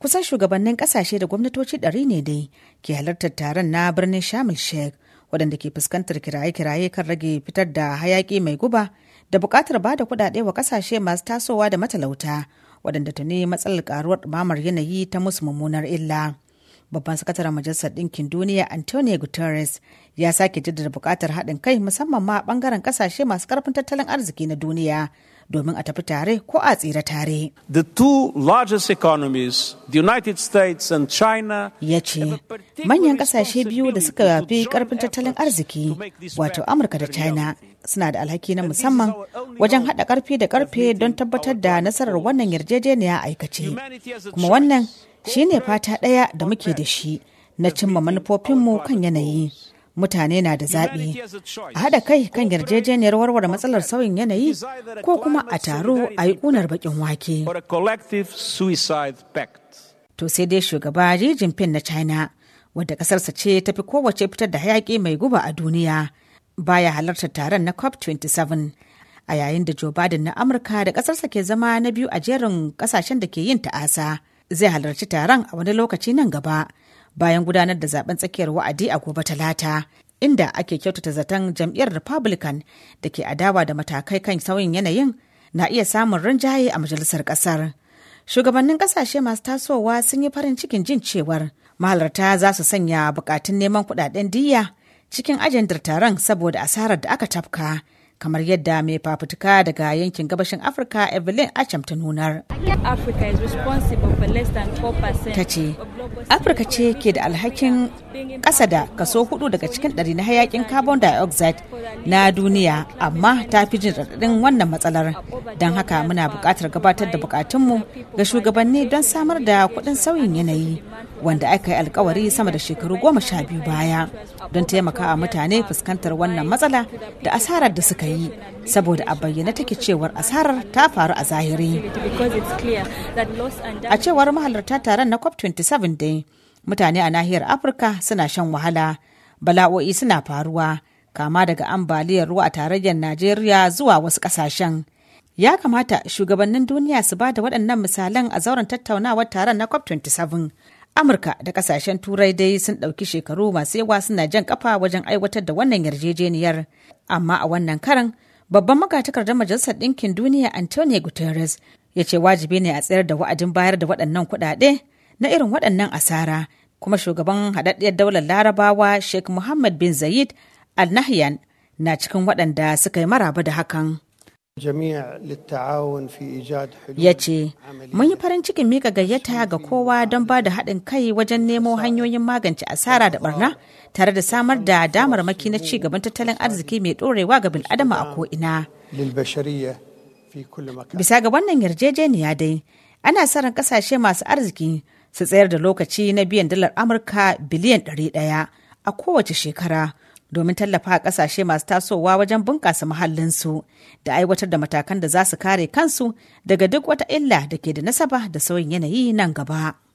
kusan shugabannin kasashe da gwamnatoci ɗari ne dai ke halartar taron na birnin shamil sheikh waɗanda ke fuskantar kiraye-kiraye kan rage fitar da hayaƙi mai guba da buƙatar ba da kuɗaɗe wa kasashe masu tasowa da matalauta waɗanda tuni matsalar ƙaruwar ɗumamar yanayi ta musu mummunar illa babban sakataren majalisar ɗinkin duniya antonio guterres ya sake jaddada buƙatar haɗin kai musamman ma a ɓangaren ƙasashe masu ƙarfin tattalin arziki na duniya domin a tafi tare ko a tsira tare. The two largest economies, the United States and China, ya ce, manyan kasashe biyu da suka fi karfin tattalin arziki, wato Amurka da China, suna da alhaki na musamman wajen haɗa karfi da karfe don tabbatar da nasarar wannan yarjejeniya aikace. Kuma wannan shine fata ɗaya da muke da shi na cimma manufofinmu kan yanayi. mutane na da zaɓi a haɗa kai kan yarjejeniyar warware matsalar sauyin yanayi ko kuma a taro a yi ƙunar baƙin wake. To sai dai shugaba Xi Jinping na China wadda ƙasarsa ce ta fi kowace fitar da hayaƙi mai guba a duniya baya halartar taron na COP27 a yayin da Joe Biden na Amurka da ƙasarsa ke zama na biyu a jerin ƙasashen da ke yin ta'asa zai halarci taron a wani lokaci nan gaba. bayan gudanar da zaben tsakiyar wa'adi a gobe talata inda ake kyautata zaton jam'iyyar republican da ke adawa da matakai kan sauyin yanayin na iya samun rinjaye a majalisar kasar shugabannin kasashe masu tasowa sun yi farin cikin jin cewar mahalarta za su sanya bukatun neman kudaden diya cikin ajandar taron saboda asarar da aka tafka kamar yadda mai fafutuka daga yankin gabashin afirka evelyn acham ta nunar ta ce afirka ce ke da alhakin ƙasa da kaso hudu daga cikin ɗari na hayakin carbon dioxide na duniya amma ta fi jin raɗaɗin wannan matsalar don haka muna buƙatar gabatar da buƙatunmu ga shugabanni don samar da kuɗin sauyin yanayi wanda aka yi alkawari sama da shekaru goma sha biyu baya don taimakawa mutane fuskantar wannan matsala da asarar da suka yi saboda a bayyana take cewar asarar ta faru a zahiri a cewar mahalarta taron na cop 27 dai mutane a nahiyar afirka suna shan wahala bala'o'i suna faruwa kama daga ambaliyar ruwa a tarayyar najeriya zuwa wasu kasashen. ya kamata shugabannin duniya su ba da waɗannan misalan a zauren tattaunawar taron na cop 27 Amurka da kasashen Turai dai sun ɗauki shekaru masu yawa suna jan kafa wajen aiwatar da wannan yarjejeniyar. Amma a wannan karan babban magatakardar Majalisar Ɗinkin Duniya Antonio Guterres ya ce wajibi ne a tsayar da wa'adin bayar da waɗannan kuɗaɗe na irin waɗannan asara. Kuma shugaban haɗaɗɗiyar daular Larabawa Sheikh Muhammad bin Zayed Al Nahyan na cikin waɗanda suka yi maraba da hakan. ya ce mun yi farin cikin mika gayyata ga kowa don ba da haɗin kai wajen nemo hanyoyin magance asara da barna tare da samar da damarmaki na ci gaban tattalin arziki mai ɗorewa ga bil'adama a ko'ina bisa ga wannan yarjejeniya dai ana sa ran kasashe masu arziki su tsayar da lokaci na biyan dalar amurka biliyan 100 a kowace shekara domin tallafa a ƙasashe masu tasowa wajen bunƙasa muhallinsu da aiwatar da matakan da za su kare kansu daga duk wata illa da ke da nasaba da sauyin yanayi nan gaba.